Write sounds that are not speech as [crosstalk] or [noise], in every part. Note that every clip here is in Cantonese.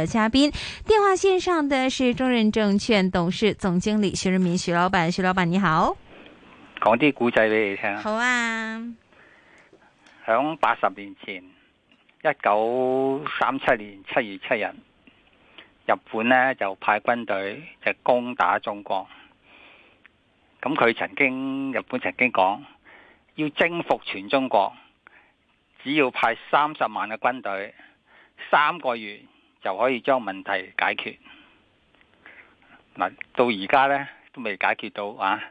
的嘉賓，電話線上的是中任證券董事總經理徐潤民，徐老闆，徐老闆你好，講啲古仔俾你聽好啊，響八十年前，一九三七年七月七日，日本咧就派軍隊就是、攻打中國，咁、嗯、佢曾經日本曾經講要征服全中國，只要派三十萬嘅軍隊三個月。就可以將問題解決。嗱，到而家咧都未解決到啊！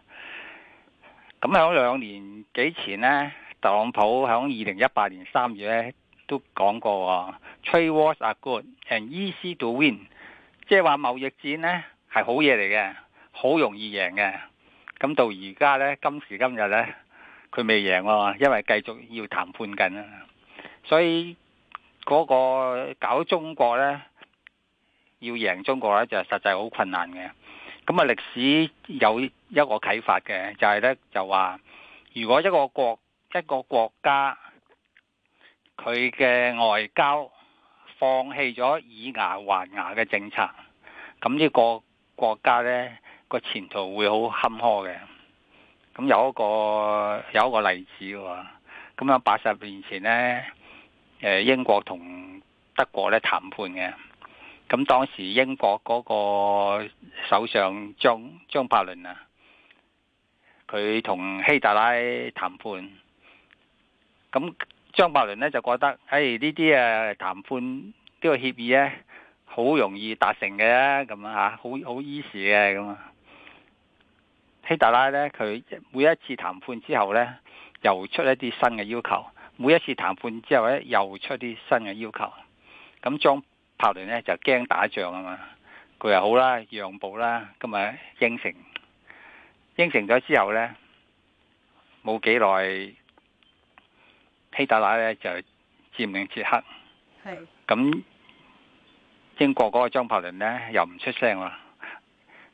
咁喺兩年幾前呢，特朗普喺二零一八年三月咧都講過：Trade wars are good and easy to win，即係話貿易戰咧係好嘢嚟嘅，好容易贏嘅。咁到而家咧，今時今日呢，佢未贏啊，因為繼續要談判緊啊，所以。嗰個搞中國呢，要贏中國呢，就實際好困難嘅。咁啊，歷史有一個啟發嘅，就係呢，就話如果一個國一個國家佢嘅外交放棄咗以牙還牙嘅政策，咁呢個國家呢個前途會好坎坷嘅。咁有一個有一個例子喎，咁啊，八十年前呢。誒，英國同德國咧談判嘅，咁當時英國嗰個首相張張伯倫啊，佢同希特拉談判，咁張伯倫咧就覺得，誒呢啲啊談判呢個協議咧，好容易達成嘅，咁啊吓，好好 easy 嘅咁啊，希特拉咧佢每一次談判之後咧，又出一啲新嘅要求。每一次談判之後咧，又出啲新嘅要求。咁張伯倫呢就驚打仗啊嘛，佢又好啦，讓步啦，咁啊應承。應承咗之後呢，冇幾耐希特拉咧就佔領捷克。咁係英國嗰個張伯倫呢又唔出聲喎。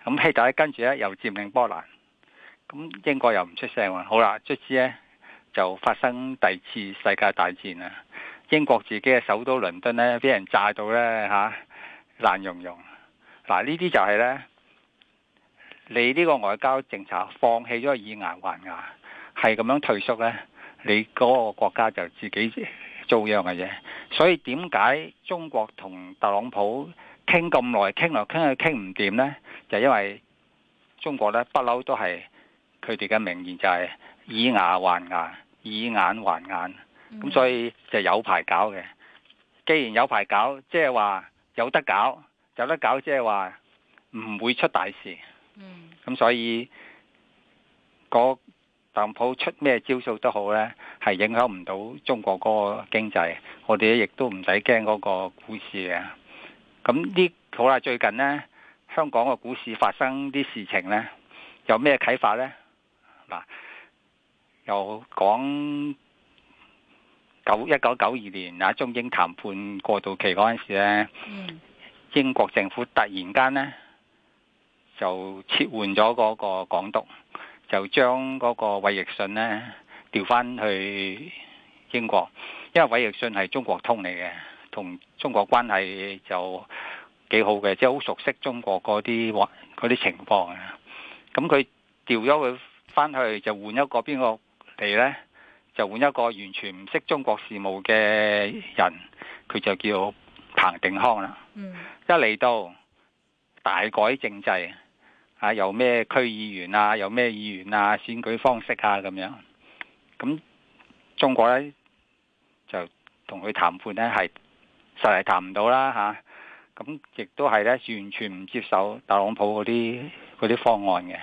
咁希特拉跟住咧又佔領波蘭。咁英國又唔出聲喎。好啦，卒之咧。就發生第二次世界大戰啦！英國自己嘅首都倫敦呢，俾人炸到呢，嚇爛融融。嗱，啊，呢啲就係呢，你呢個外交政策放棄咗以牙還牙，係咁樣退縮呢。你嗰個國家就自己遭殃嘅啫。所以點解中國同特朗普傾咁耐傾落傾下傾唔掂呢？就因為中國呢，不嬲都係佢哋嘅名言就係「以牙還牙」。以眼還眼，咁、mm hmm。所以就有排搞嘅。既然有排搞，即係話有得搞，有得搞即係話唔會出大事。咁、mm hmm。所以、個特朗普出咩招數都好呢，係影響唔到中國嗰個經濟。我哋亦都唔使驚嗰個股市嘅。咁呢好啦，最近呢香港嘅股市發生啲事情呢，有咩啟發呢？嗱。又講九一九九二年啊，中英談判過渡期嗰陣時咧，英國政府突然間呢就撤換咗嗰個港督，就將嗰個衛奕信呢調翻去英國，因為衛奕信係中國通嚟嘅，同中國關係就幾好嘅，即係好熟悉中國嗰啲話啲情況啊。咁佢調咗佢翻去就換一個邊個？地咧就換一個完全唔識中國事務嘅人，佢就叫彭定康啦。嗯、一嚟到大改政制，啊有咩區議員啊，有咩議員啊，選舉方式啊咁樣。咁中國咧就同佢談判咧係實係談唔到啦吓。咁、啊、亦都係咧完全唔接受特朗普嗰啲嗰啲方案嘅。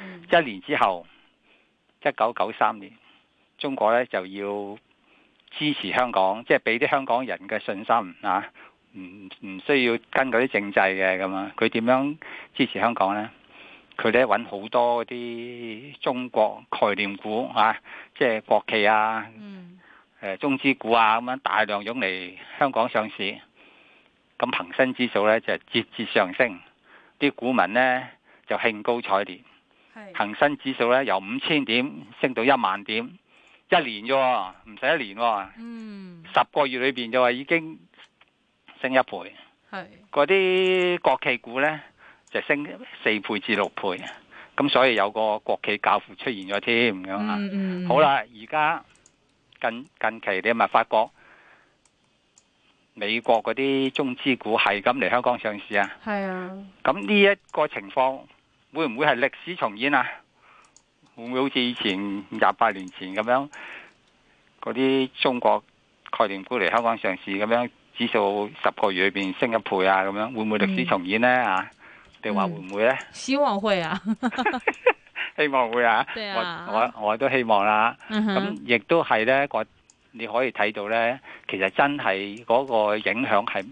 嗯、一年之後，一九九三年。中國咧就要支持香港，即係俾啲香港人嘅信心啊！唔唔需要跟嗰啲政制嘅咁啊。佢點樣支持香港呢？佢哋揾好多嗰啲中國概念股啊，即係國企啊，嗯、中資股啊，咁樣大量湧嚟香港上市。咁恒生指數咧就節節上升，啲股民呢就興高采烈。恒生指數咧由五千點升到一萬點。一年啫，唔使一年。嗯，十個月裏邊就話已經升一倍。係。嗰啲國企股咧就升四倍至六倍，咁所以有個國企教父出現咗添咁啊。嗯，好啦，而家近近期你咪發覺美國嗰啲中資股係咁嚟香港上市啊？係啊。咁呢一個情況會唔會係歷史重演啊？會唔會好似以前廿八年前咁樣，嗰啲中國概念股嚟香港上市咁樣，指數十個月裏邊升一倍啊，咁樣會唔會歷史重演呢？啊、嗯？你話會唔會呢？希望會啊， [laughs] [laughs] 希望會啊，啊我我，我都希望啦。咁亦都係呢，個你、嗯嗯、可以睇到呢，其實真係嗰個影響係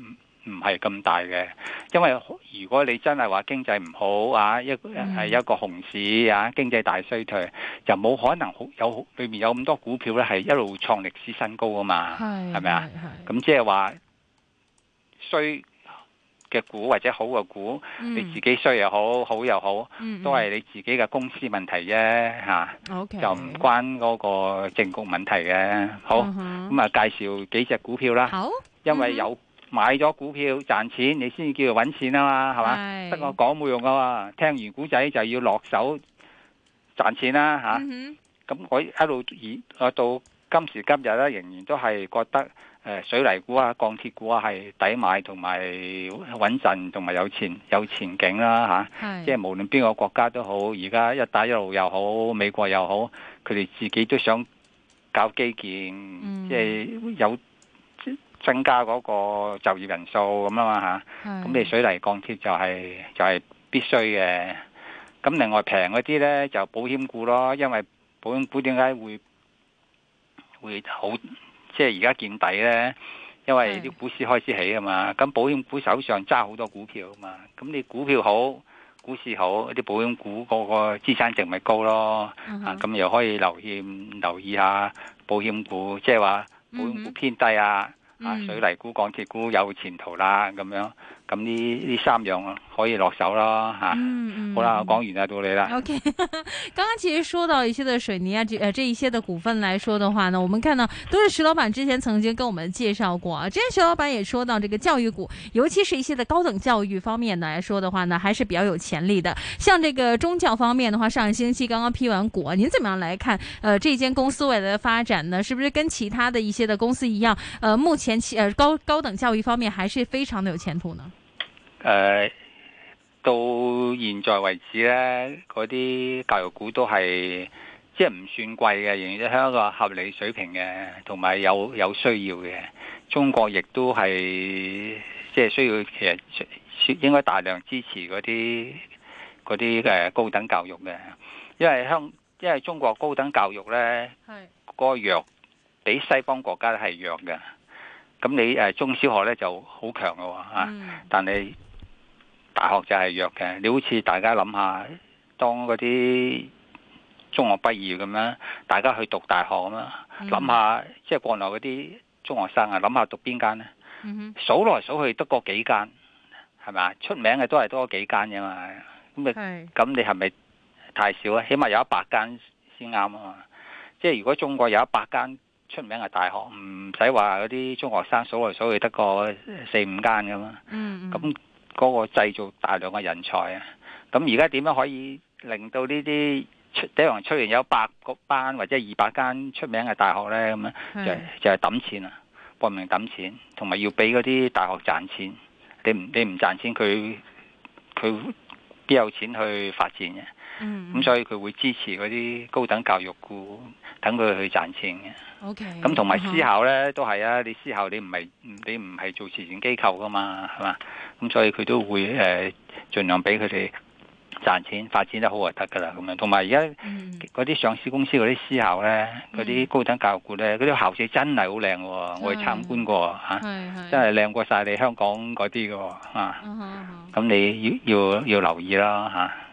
唔係咁大嘅，因為如果你真係話經濟唔好啊，一係一個熊市啊，經濟大衰退就冇可能好有裏面有咁多股票咧，係一路創歷史新高噶嘛，係咪啊？咁即係話衰嘅股或者好嘅股，你自己衰又好，好又好，都係你自己嘅公司問題啫，吓，就唔關嗰個政局問題嘅。好，咁啊介紹幾隻股票啦，好，因為有。買咗股票賺錢，你先至叫搵錢啊嘛，係嘛？得是我講冇用噶，聽完古仔就要落手賺錢啦、啊，吓、啊。咁、嗯、哼我一路以嚟到今時今日咧，仍然都係覺得誒水泥股啊、鋼鐵股啊係抵買，同埋穩陣，同埋有前有前景啦、啊，吓、啊。是即係無論邊個國家都好，而家一帶一路又好，美國又好，佢哋自己都想搞基建，即係有。嗯增加嗰個就業人數咁啊嘛，吓，咁你水泥鋼鐵就係就係必須嘅。咁另外平嗰啲呢就保險股咯，因為保險股點解會會好？即係而家見底呢，因為啲股市開始起啊嘛。咁保險股手上揸好多股票啊嘛，咁你股票好，股市好，啲保險股嗰個資產值咪高咯。啊，咁又可以留意留意下保險股，即係話保險股偏低啊。啊！水泥股、港鐵股有前途啦，咁樣。咁呢呢三樣可以落手啦，哈、啊，嗯嗯，好啦，講完啦，到你啦。OK， [laughs] 剛剛其實說到一些的水泥啊，這誒這一些的股份來說的話呢，我們看到都是徐老闆之前曾經跟我們介紹過啊。之前徐老闆也說到，這個教育股，尤其是一些的高等教育方面來說的話呢，還是比較有潛力的。像這個中教方面的話，上個星期剛剛批完股，啊，您怎麼樣來看？誒、呃，這間公司未來的發展呢，是不是跟其他的一些的公司一樣？誒、呃，目前其誒、呃、高高等教育方面還是非常的有前途呢？誒、呃，到現在為止咧，嗰啲教育股都係即係唔算貴嘅，仍然喺一個合理水平嘅，同埋有有，有需要嘅。中國亦都係即係需要，其實應該大量支持嗰啲嗰啲誒高等教育嘅，因為香因為中國高等教育咧，係嗰是個弱比西方國家係弱嘅，咁你誒中小學咧就好強嘅吓，嗯、但係。大學就係弱嘅，你好似大家諗下，當嗰啲中學畢業咁樣，大家去讀大學咁樣，諗下、mm hmm. 即係國內嗰啲中學生啊，諗下讀邊間呢？數來數去得嗰幾間，係咪啊？出名嘅都係多幾間嘅嘛，咁你係咪、mm hmm. 太少啊？起碼有一百間先啱啊嘛，即係如果中國有一百間出名嘅大學，唔使話嗰啲中學生數來數去得個四五間嘅嘛，咁、mm。Hmm. 嗰個製造大量嘅人才啊！咁而家點樣可以令到呢啲可能出現有百個班或者二百間出名嘅大學呢？咁樣就係就係揼錢啊！搏命揼錢，同埋要俾嗰啲大學賺錢。你唔你唔賺錢，佢佢。有錢去發展嘅，咁、mm. 嗯、所以佢會支持嗰啲高等教育股，等佢去賺錢嘅。O K. 咁同埋私校咧都係啊，你私校你唔係你唔係做慈善機構噶嘛，係嘛？咁、嗯、所以佢都會誒，儘、呃、量俾佢哋。賺錢發展得好就得噶啦，咁樣同埋而家嗰啲上市公司嗰啲私校咧，嗰啲、嗯、高等教育股咧，嗰啲校舍真係好靚，哦，嗯、我參觀過吓，真係靚過晒你香港嗰啲噶，啊，咁、嗯嗯嗯、你要、嗯、要要留意咯吓。啊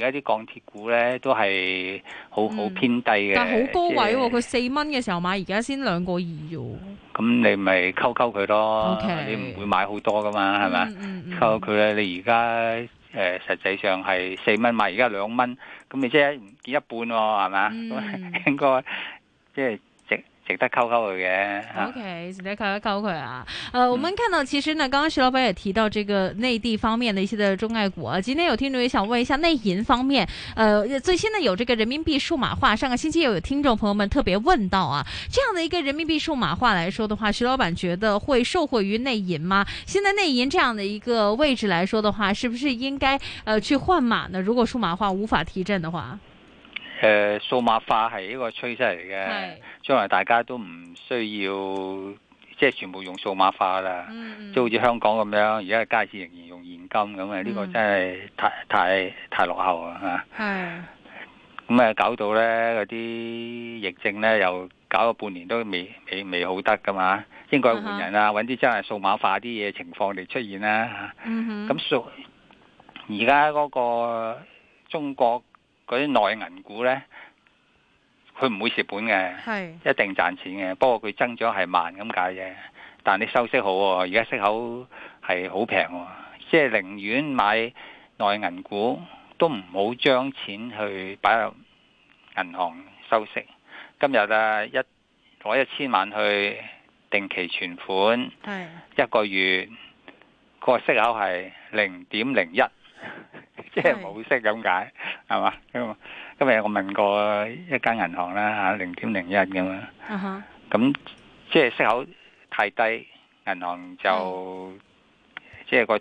而家啲鋼鐵股咧都係好好偏低嘅，但係好高位喎、喔。佢四蚊嘅時候買，而家先兩個二喎。咁你咪溝溝佢咯，你唔 Okay. 會買好多噶嘛，係咪、嗯？溝佢咧，你而家誒實際上係四蚊買，而家兩蚊，咁你即係唔見一半喎，係咪？嗯、 [laughs] 應該即係。值得扣扣佢嘅、啊、，OK，值得扣一扣佢啊。呃，嗯、我們看到其實呢，剛剛徐老闆也提到這個內地方面的一些的中概股、啊。今天有聽眾也想問一下內銀方面，呃，最新的有這個人民幣數碼化。上個星期有聽眾朋友們特別問到啊，這樣的一個人民幣數碼化來說的話，徐老闆覺得會受惠於內銀嗎？現在內銀這樣的一個位置來說的話，是不是應該呃去換碼呢？如果數碼化無法提振的話？誒，數碼化係一個趨勢嚟嘅，將是來大家都唔需要，即、就、係、是、全部用數碼化啦。即係好似香港咁樣，而家街市仍然用現金咁啊，呢、嗯、個真係太太太落後啊！係是，咁啊搞到咧嗰啲疫症咧，又搞咗半年都未未未,未好得噶嘛，應該換人啊，搵啲、嗯、哼真係數碼化啲嘢情況嚟出現啦、啊、吓。咁數而家嗰個中國。嗰啲內銀股呢，佢唔會蝕本嘅，是一定賺錢嘅。不過佢增長係慢咁解嘅，但你收息好、哦，而家息口係好平，即、就、係、是、寧願買內銀股，都唔好將錢去擺入銀行收息。今日啊，一攞一千萬去定期存款，一個月個是息口係零點零一，即係冇息咁解。 [laughs] 係嘛？今日我問過一間銀行啦嚇，零點零一咁樣，咁、uh huh. 即係息口太低，銀行就、uh huh. 即係個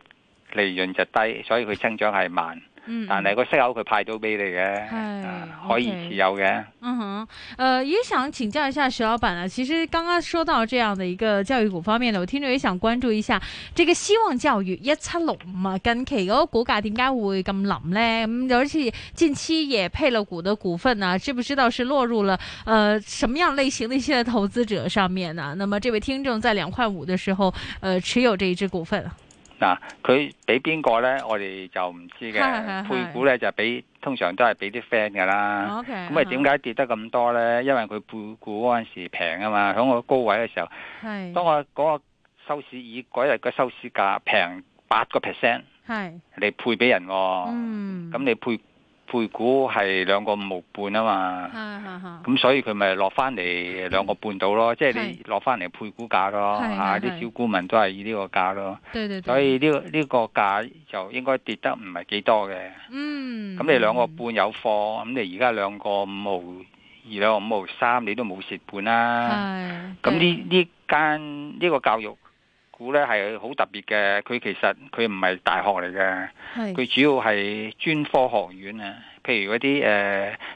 利潤就低，所以佢增長係慢。但係個息口佢派咗俾你嘅，唉呃、可以持有嘅。嗯哼，誒、呃，也想請教一下徐老闆啊。其實剛剛說到這樣的一個教育股方面，我聽眾也想關注一下，這個希望教育一七六五啊，近期嗰個股價點解會咁冧呢？咁、嗯、尤其近期也配了股的股份呢、啊，知不知道是落入了呃？什麼樣類型的一些投資者上面呢、啊？那麼這位聽眾在兩塊五的時候，誒、呃、持有這一隻股份。嗱，佢俾邊個咧？我哋就唔知嘅。是是是配股咧就俾，是是通常都係俾啲 friend 嘅啦。OK。咁啊，點解跌得咁多咧？因為佢配股嗰陣時平啊嘛，喺我高位嘅時候。係。是是當我嗰個收市以嗰日嘅收市價平八個 percent，係嚟配俾人喎、哦。嗯。咁你配股。配股係兩個五毫半啊嘛，咁、嗯、所以佢咪落翻嚟兩個半到咯，即係你落翻嚟配股價咯，嚇啲、啊、小股民都係以呢個價咯，對對對所以呢、這個呢、這個價就應該跌得唔係幾多嘅。嗯，咁、嗯嗯、你兩個半有貨，咁你而家兩個五毫二兩個五毫三，你都冇蝕半啦。咁呢呢間呢個教育。股咧係好特別嘅，佢其實佢唔係大學嚟嘅，佢是主要係專科學院啊。譬如嗰啲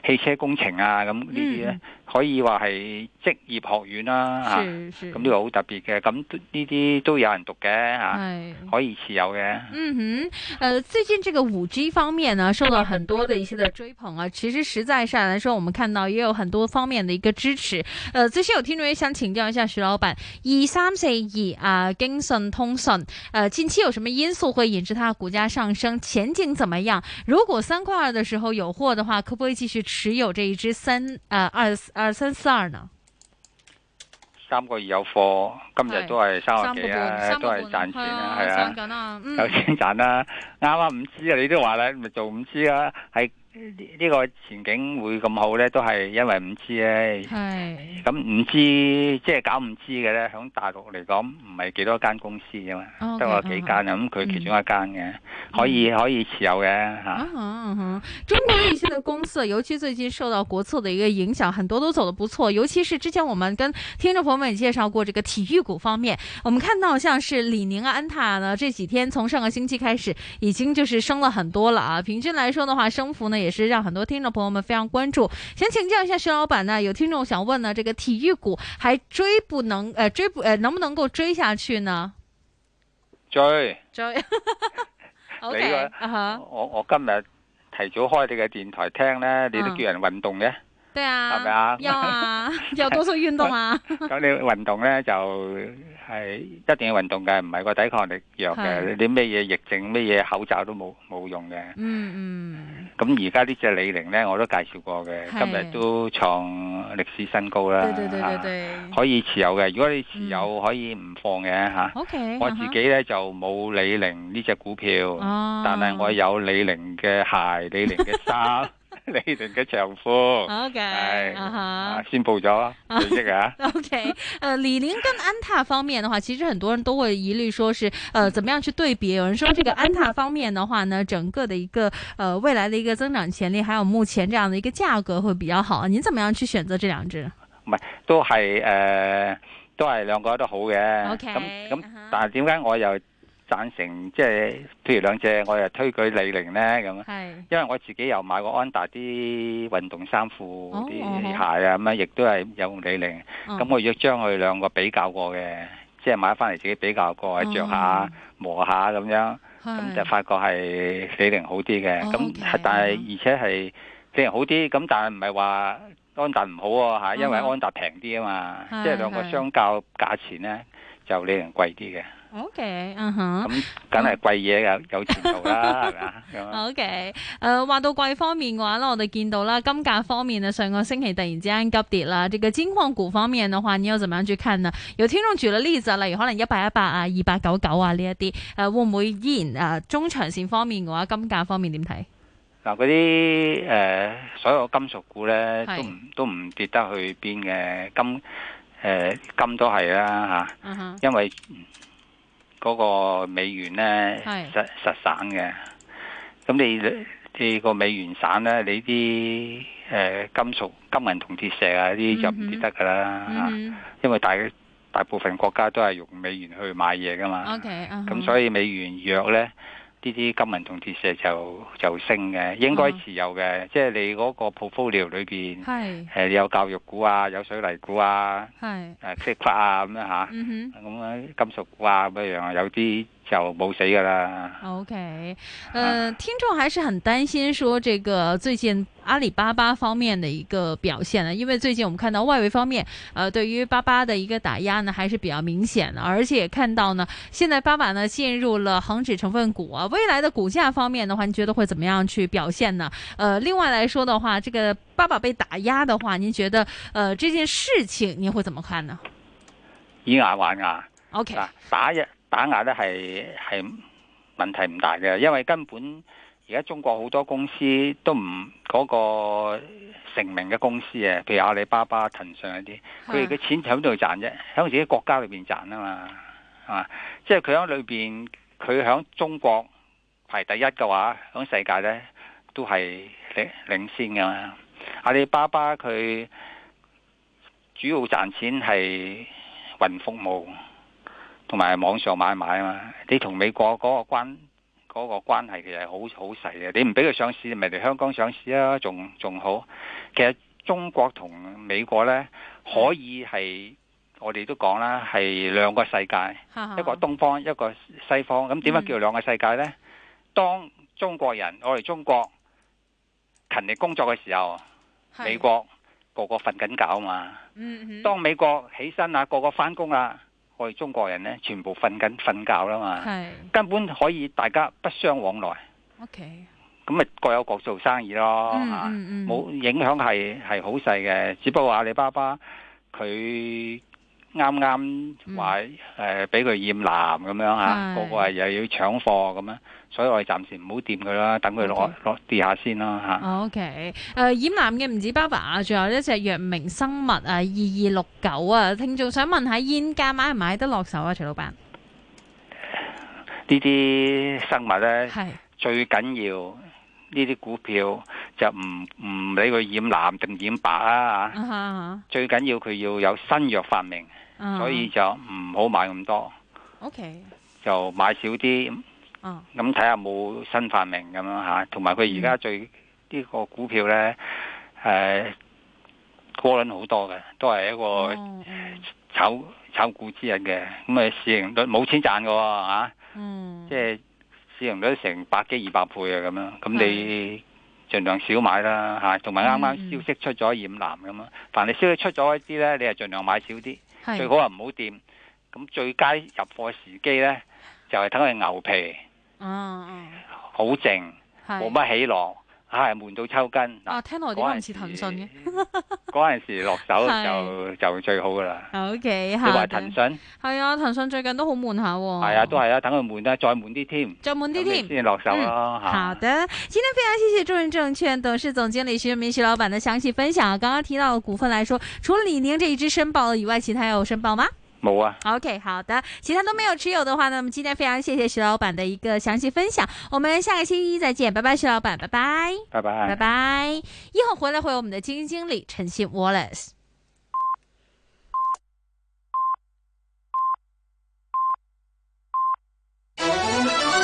誒汽車工程啊咁呢啲咧，嗯、可以話係職業學院啦、啊、嚇，咁呢個好特別嘅，咁呢啲都有人讀嘅係是可以持有嘅。嗯哼，誒、呃、最近這個五 G 方面呢，受到很多的一些的追捧啊，其實實在上嚟說，我們看到也有很多方面的一個支持。誒、呃，最近有聽眾也想請教一下徐老闆，二三四二啊京信通訊，誒近期有什麼因素會引致它的股價上升？前景怎麼樣？如果三塊二的時候有？有貨的話，可唔可以繼續持有這一支三啊二二三四二呢？三個月有貨，今日都係三十幾啊，都係賺錢啊，係啊，有錢賺啦，啊，啱啱五 G 啊，你都話啦，咪做五 G 啦，係。呢個前景會咁好呢？都係因為 5G。呢係是。咁 5G，即係搞 5G 嘅呢。喺大陸嚟講唔係幾多間公司啊嘛，都有幾間。咁佢其中一間嘅，可以可以持有嘅嚇。中國內地嘅公司，尤其最近受到國策嘅一個影響，很多都走得不錯。尤其是之前我們跟聽眾朋友們也介紹過，這個體育股方面，我們看到像是李寧啊、安踏呢，這幾天從上個星期開始已經就是升了很多了啊。平均來說的話，升幅呢？也是讓很多聽眾朋友們非常關注。想請教一下徐老板呢？有聽眾想問呢，這個體育股還追不能？誒、呃，追不？誒、呃，能不能夠追下去呢？追追，追 [laughs] okay, uh huh. 我我今日提早開你嘅電台聽呢，你都叫人運動嘅。嗯、對啊吧，係咪啊？要啊，有 [laughs] 多數運動啊？咁 [laughs] 你運動呢，就係、是、一定要運動嘅，唔係個抵抗力弱嘅，是你咩嘢疫症咩嘢口罩都冇冇用嘅。嗯嗯。咁而家呢隻李寧呢，我都介紹過嘅，是今日都創歷史新高啦，啊，可以持有嘅。如果你持有，嗯、可以唔放嘅嚇。啊、okay, 我自己呢，uh huh. 就冇李寧呢隻股票，啊、但係我有李寧嘅鞋，李寧嘅衫。 [laughs] 你哋嘅丈夫，係啊哈，先報咗，你、huh. [laughs] 識啊？O K，誒，李寧跟安踏方面嘅話，其實很多人都會疑慮，說是，誒、呃，怎麼樣去對比？有人說，這個安踏方面的話呢，整個的一個，誒、呃，未來的一個增長潛力，還有目前這樣的一個價格會比較好。你怎麼樣去選擇這兩隻？唔係、呃，都係誒，都係兩個都好嘅。O K，咁咁，但係點解我又？贊成即係，譬如兩隻，我又推舉李寧咧咁。係，因為我自己又買過安踏啲運動衫褲啲鞋啊，咁啊，亦都係用李寧。咁我亦將佢兩個比較過嘅，即係買翻嚟自己比較過，着下磨下咁樣，咁就發覺係李寧好啲嘅。咁但係而且係即係好啲。咁但係唔係話安踏唔好喎吓，因為安踏平啲啊嘛，即係兩個相較價錢咧就李寧貴啲嘅。O K，嗯哼，咁梗係貴嘢 [laughs] 有有前途啦，係咪啊？O K，誒，okay. uh, 話到貴方面嘅話咧，我哋見到啦，金價方面咧，上個星期突然之間急跌啦。呢、這個金礦股方面嘅話，你又點樣去看呢？有聽眾住咗例子，例如可能一百一百啊、二百九九啊呢一啲，誒，會唔會依然誒中長線方面嘅話，金價方面點睇？嗱，嗰啲誒所有金屬股咧是都唔都唔跌得去邊嘅金誒、呃、金都係啦吓，啊 uh huh. 因為。嗰個美元咧是實實省嘅，咁你你個美元省咧，你啲誒、呃、金屬、金銀銅鐵石啊啲就唔跌得噶啦，嗯嗯、因為大大部分國家都係用美元去買嘢噶嘛，咁、okay, uh huh. 所以美元弱咧。呢啲金文同鐵石就就升嘅，應該持有嘅。啊、即係你嗰個 portfolio 裏邊，係誒是、呃、有教育股啊，有水泥股啊，係誒石化啊咁樣嚇，咁樣、uh, 嗯、金屬股啊咁樣啊，有啲。就冇死噶啦。OK，嗯、呃，聽眾還是很擔心說，這個最近阿里巴巴方面的一個表現呢？因為最近我們看到外圍方面，呃，對於巴巴的一個打壓呢，還是比較明顯的。而且看到呢，現在巴巴呢進入了恒指成分股。啊。未來的股價方面的話，您覺得會怎麼樣去表現呢？呃，另外來說的話，這個巴巴被打壓的話，您覺得呃，這件事情您會怎麼看呢？以牙還牙、啊。OK，啊，打一。打壓咧係係問題唔大嘅，因為根本而家中國好多公司都唔嗰個成名嘅公司啊，譬如，阿里巴巴、騰訊嗰啲，佢哋嘅錢就喺度賺啫，響自己國家裏邊賺啊嘛，啊，即係佢響裏邊，佢響中國排第一嘅話，響世界呢都係領領先噶嘛。阿里巴巴佢主要賺錢係雲服務，同埋網上買買啊嘛！你同美國嗰個關嗰、嗰個關係其實好好細嘅，你唔俾佢上市，咪嚟香港上市啊，仲仲好。其實中國同美國呢，可以係、嗯、我哋都講啦，係兩個世界，嗯、一個東方，一個西方。咁點解叫兩個世界呢？當中國人我哋中國勤力工作嘅時候，美國是個個瞓緊覺啊嘛。嗯、哼當美國起身啦、啊，個個翻工啦。我哋中國人呢，全部瞓緊瞓覺啦嘛，是根本可以大家不相往來。OK. 咁咪各有各做生意咯嚇，冇、嗯嗯嗯啊、影響係係好細嘅，只不過阿里巴巴佢。啱啱話誒俾佢染藍咁樣啊，個個又又要搶貨咁啊，所以我暫時唔好掂佢啦，等佢落落跌下先啦吓。OK，誒染藍嘅唔止巴巴啊，仲有一隻藥明生物啊，二二六九啊，聽眾想問下現價買唔買得落手啊，徐老闆？呢啲生物咧，係最緊要呢啲股票就唔唔理佢染藍定染白啊吓，最緊要佢要有新藥發明。所以就唔好買咁多，OK，就買少啲，咁睇下冇新發明咁樣吓，同埋佢而家最呢、嗯、個股票呢，誒、啊，過輪好多嘅，都係一個炒、哦嗯、炒，炒股之人嘅，咁啊市盈率冇錢賺嘅喎，吓、嗯，即係市盈率成百幾二百倍啊，咁樣，咁、嗯、你盡量少買啦吓，同埋啱啱消息出咗染藍咁啊，嗯嗯、凡你消息出咗一啲呢，你就盡量買少啲。是最好話唔好掂，咁最佳入貨時機咧，就係等佢牛皮，嗯嗯，好、嗯、靜，冇乜是的 起落。係悶、哎、到抽筋。哇、啊！聽落嚟點解唔似騰訊嘅。嗰陣時落手就 [laughs] 就最好噶啦。O K，係騰訊。係啊，騰訊最近都好悶下。係啊，哎、都係啊，等佢悶得再悶啲添。再悶啲添。先至落手咯、嗯。好的，今天、啊、非常謝謝中原證券董事總經理徐潤民徐老闆嘅詳細分享。剛剛提到股份來說，除了李寧這一隻申報了以外，其他有申報嗎？冇啊，OK，好的，其他都沒有持有的話呢，我們今天非常謝謝徐老闆的一個詳細分享，我們下個星期一再見，拜拜，徐老闆，拜拜，拜拜，拜拜，一會回來會有我們的基金經理陳信 Wallace。 [noise] [noise]